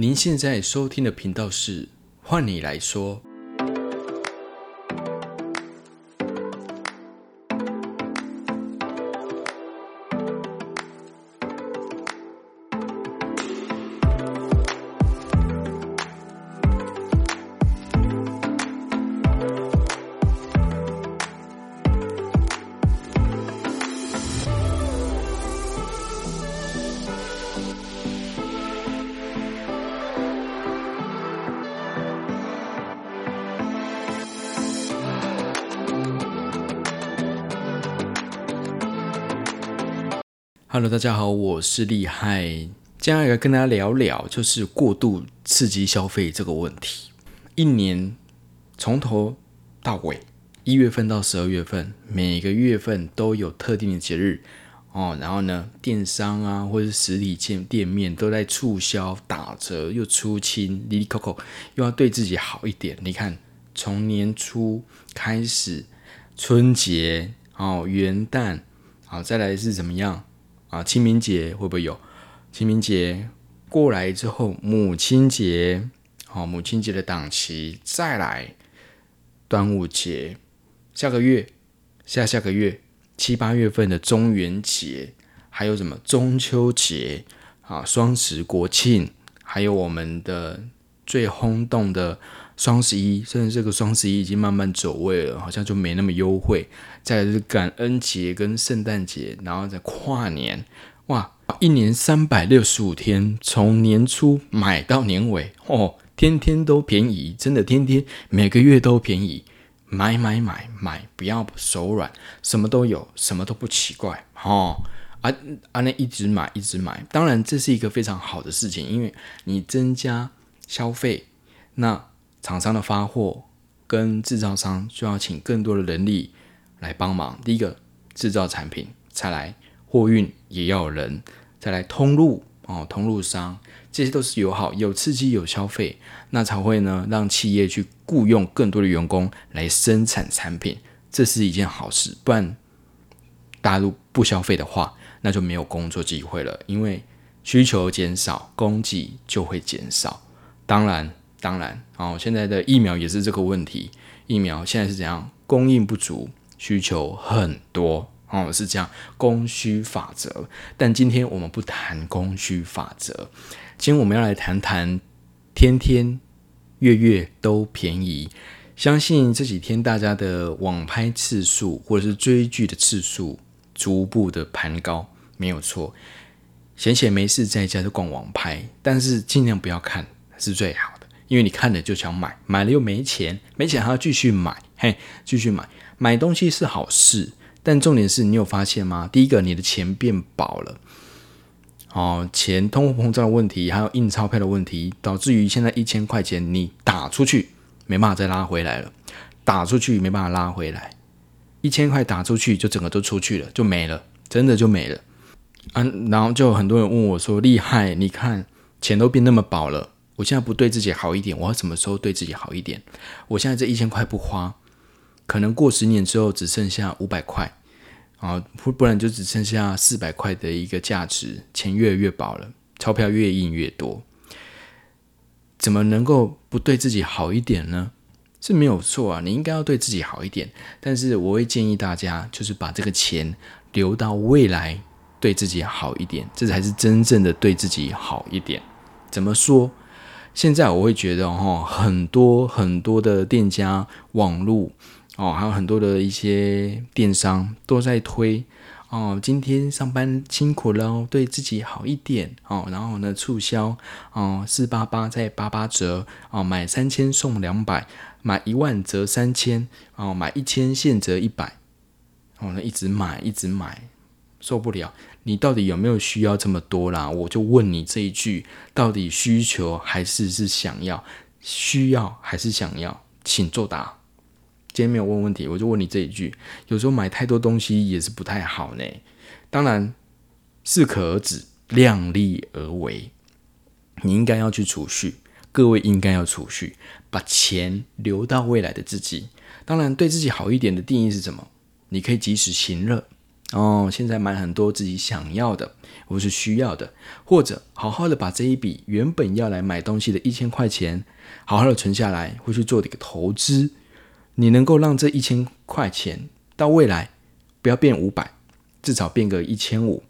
您現在收聽的頻道是《換你來說》。Hello，大家好，我是厲害。接下來跟大家聊聊就是過度刺激消費這個問題。一年從頭到尾，一月份到十二月份，每個月份都有特定的節日哦。然後呢，電商啊，或者是實體店店面都在促銷、打折，又出清，離離扣扣，又要對自己好一點。你看，從年初開始，春節哦，元旦，好、哦，再來是怎麼樣？啊，清明節會不會有？清明節過來之後，母親節，好，母親節的檔期再來，端午節，下個月，下下個月七八月份的中元節，還有什麼中秋節，啊，雙十國慶，還有我們的。最轟動的雙十一，甚至這個雙十一已經慢慢走位了，好像就沒那麼優惠。再是感恩節跟聖誕節，然後再跨年，哇！一年三百六十五天，從年初買到年尾，哦，天天都便宜，真的天天每個月都便宜，買買買買，買，不要手軟，什麼都有，什麼都不奇怪，哦，啊啊，那一直買一直買，當然這是一個非常好的事情，因為你增加。消費，那廠商的發貨跟制造商就要請更多的人力來幫忙。第一個制造產品，再來貨運也要有人，再來通路哦，通路商這些都是有好、有刺激、有消費，那才會呢讓企業去僱傭更多的員工來生產產品。這是一件好事，不然大家都不消費的話，那就沒有工作機會了，因為需求減少，供給就會減少。當然，當然，哦，現在的疫苗也是這個問題。疫苗現在是怎樣？供應不足，需求很多，哦，是這樣。供需法則。但今天我們不談供需法則，今天我們要來談談天天月月都便宜。相信這幾天大家的網拍次數或者是追劇的次數逐步的攀高，沒有錯。閒閒沒事，在家就逛網拍，但是盡量不要看。是最好的，因為你看了就想買，買了又沒錢，沒錢還要繼續買，嘿，繼續買。買東西是好事，但重點是你有發現嗎？第一個，你的錢變薄了。哦，錢通貨膨脹的問題，還有印鈔票的問題，導致於現在一千塊錢你打出去沒辦法再拉回來了，打出去沒辦法拉回來，一千塊打出去就整個都出去了，就沒了，真的就沒了。嗯、啊，然後就很多人問我說：“厲害，你看錢都變那麼薄了。”我現在不對自己好一點，我要什麼時候對自己好一點？我現在這一千塊不花，可能過十年之後只剩下五百塊啊，不不然就只剩下四百塊的一個價值，錢越來越薄了，鈔票越印越多，怎麼能夠不對自己好一點呢？是沒有錯啊，你應該要對自己好一點。但是我會建議大家，就是把這個錢留到未來，對自己好一點，這才是真正的對自己好一點。怎麼說？現在我會覺得哦，很多很多的店家、網絡哦，還有很多的一些電商都在推哦，今天上班辛苦了哦，對自己好一點哦，然後呢，促銷哦，四八八再八八折哦，買三千送兩百，買一萬折三千哦，買一千現折一百哦，那一直買一直買，受不了。你到底有沒有需要這麼多啦？我就問你這一句：到底需求還是是想要？需要還是想要？請作答。今天沒有問問題，我就問你這一句。有時候買太多東西也是不太好呢。當然，適可而止，量力而為。你應該要去儲蓄，各位應該要儲蓄，把錢留到未來的自己。當然，對自己好一點的定義是什麼？你可以及時行樂。哦，現在買很多自己想要的，或是需要的，或者好好的把這一筆原本要來買東西的一千塊錢，好好的存下來，會去做一個投資。你能夠讓這一千塊錢到未來不要變五百，至少變個一千五，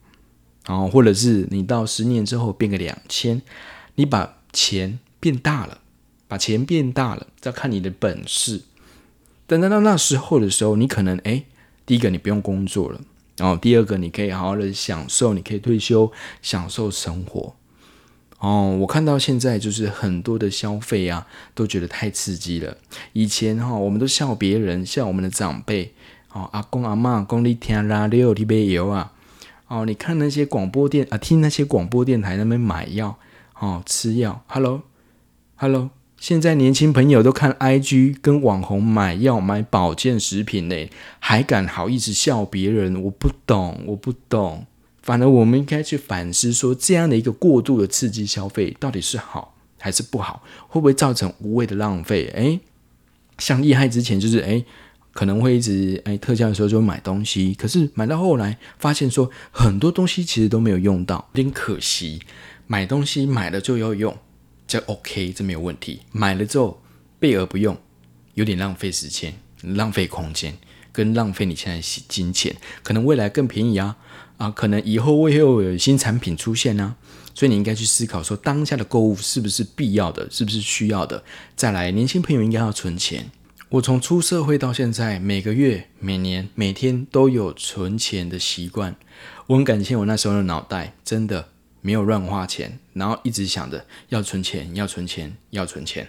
然、哦、後或者是你到十年之後變個兩千，你把錢變大了，把錢變大了，再看你的本事。等到到那時候的時候，你可能哎，第一個你不用工作了。然後、哦、第二個，你可以好好的享受，你可以退休，享受生活。哦，我看到現在就是很多的消費啊，都覺得太刺激了。以前哈、哦，我們都笑別人，笑我們的長輩。哦，阿公阿嬤，講你聽啦，六六一杯油啊。哦，你看那些廣播電啊，聽那些廣播電台那邊買藥，哦，吃藥。Hello，Hello Hello? 現在年輕朋友都看 IG 跟網紅買藥買保健食品呢，還敢好意思笑別人？我不懂，我不懂。反而我們應該去反思說，說這樣的一個過度的刺激消費到底是好還是不好？會不會造成無謂的浪費？哎，像厲害之前就是哎，可能會一直哎特價的時候就買東西，可是買到後來發現說很多東西其實都沒有用到，有點可惜。買東西買了就要用。這 OK，這沒有問題。買了之後備而不用，有點浪費時間、浪費空間，跟浪費你現在金錢。可能未來更便宜啊，啊，可能以後會又有新產品出現呢、啊。所以你應該去思考說，當下的購物是不是必要的，是不是需要的？再來，年輕朋友應該要存錢。我從出社會到現在，每個月、每年、每天都有存錢的習慣。我很感謝我那時候的腦袋，真的。沒有亂花錢，然後一直想着要存錢，要存錢，要存錢，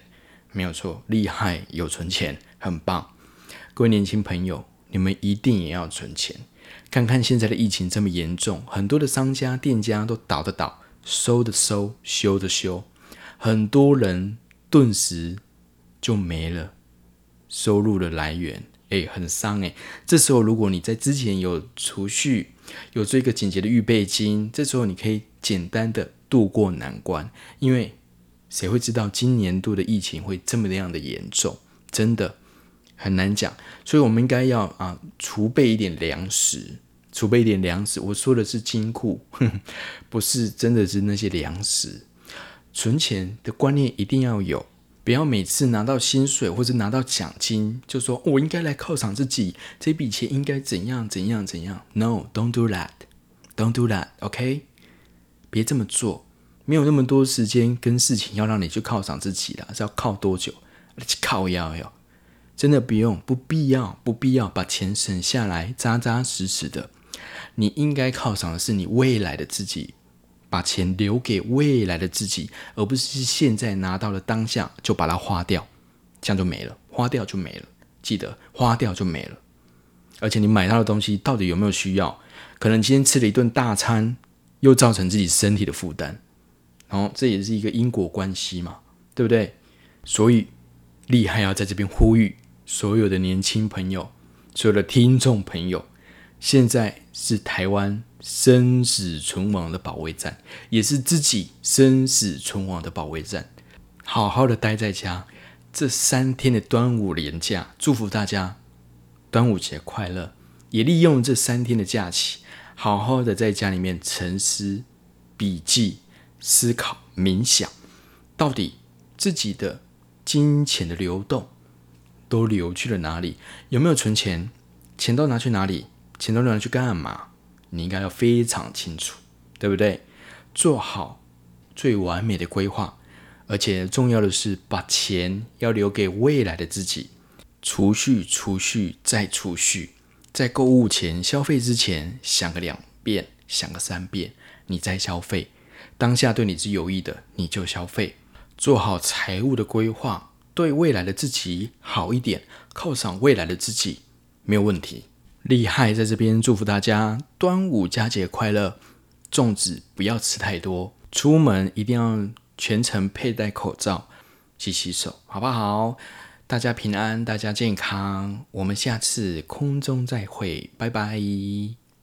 沒有錯，厲害，有存錢，很棒，各位年輕朋友，你們一定也要存錢。看看現在的疫情這麼嚴重，很多的商家、店家都倒的倒，收的收，修的修，很多人頓時就沒了收入的來源，誒，很傷誒。這時候如果你在之前有儲蓄，有做一個緊急的預備金，這時候你可以。簡單的渡過難關，因為誰會知道今年度的疫情會這麼樣的嚴重？真的很難講，所以我們應該要啊儲備一點糧食，儲備一點糧食。我說的是金庫，不是真的是那些糧食。存錢的觀念一定要有，不要每次拿到薪水或者拿到獎金，就說我應該來犒賞自己，這筆錢應該怎樣怎樣怎樣。No，don't do that，don't do that，OK。別這麼做，沒有那麼多時間跟事情要讓你去犒賞自己了，是要靠多久，去靠要要，真的不用，不必要，不必要把錢省下來扎扎實實的。你應該犒賞的是你未來的自己，把錢留給未來的自己，而不是現在拿到了當下就把它花掉，這樣就沒了，花掉就沒了，記得花掉就沒了。而且你買到的東西到底有沒有需要？可能今天吃了一頓大餐。又造成自己身體的負擔，然、哦、後這也是一個因果關係嘛，對不對？所以厲害要在這邊呼籲所有的年輕朋友、所有的聽眾朋友，現在是台灣生死存亡的保衛戰，也是自己生死存亡的保衛戰。好好的待在家，這三天的端午連假，祝福大家端午節快樂，也利用這三天的假期，好好的在家裡面沉思、筆記、思考、冥想，到底自己的金錢的流動都流去了哪裡？有沒有存錢？錢都拿去哪裡？錢都拿去幹幹嘛？你應該要非常清楚，對不對？做好最完美的規劃，而且重要的是，把錢要留給未來的自己，儲蓄、儲蓄再儲蓄。在購物前、消費之前，想個兩遍、想個三遍，你再消費。當下對你是有益的，你就消費。做好財務的規劃，對未來的自己好一點，犒賞未來的自己，沒有問題。厲害，在這邊祝福大家端午佳節快樂！粽子不要吃太多，出門一定要全程佩戴口罩，洗洗手，好不好？大家平安，大家健康。我們下次空中再會，拜拜。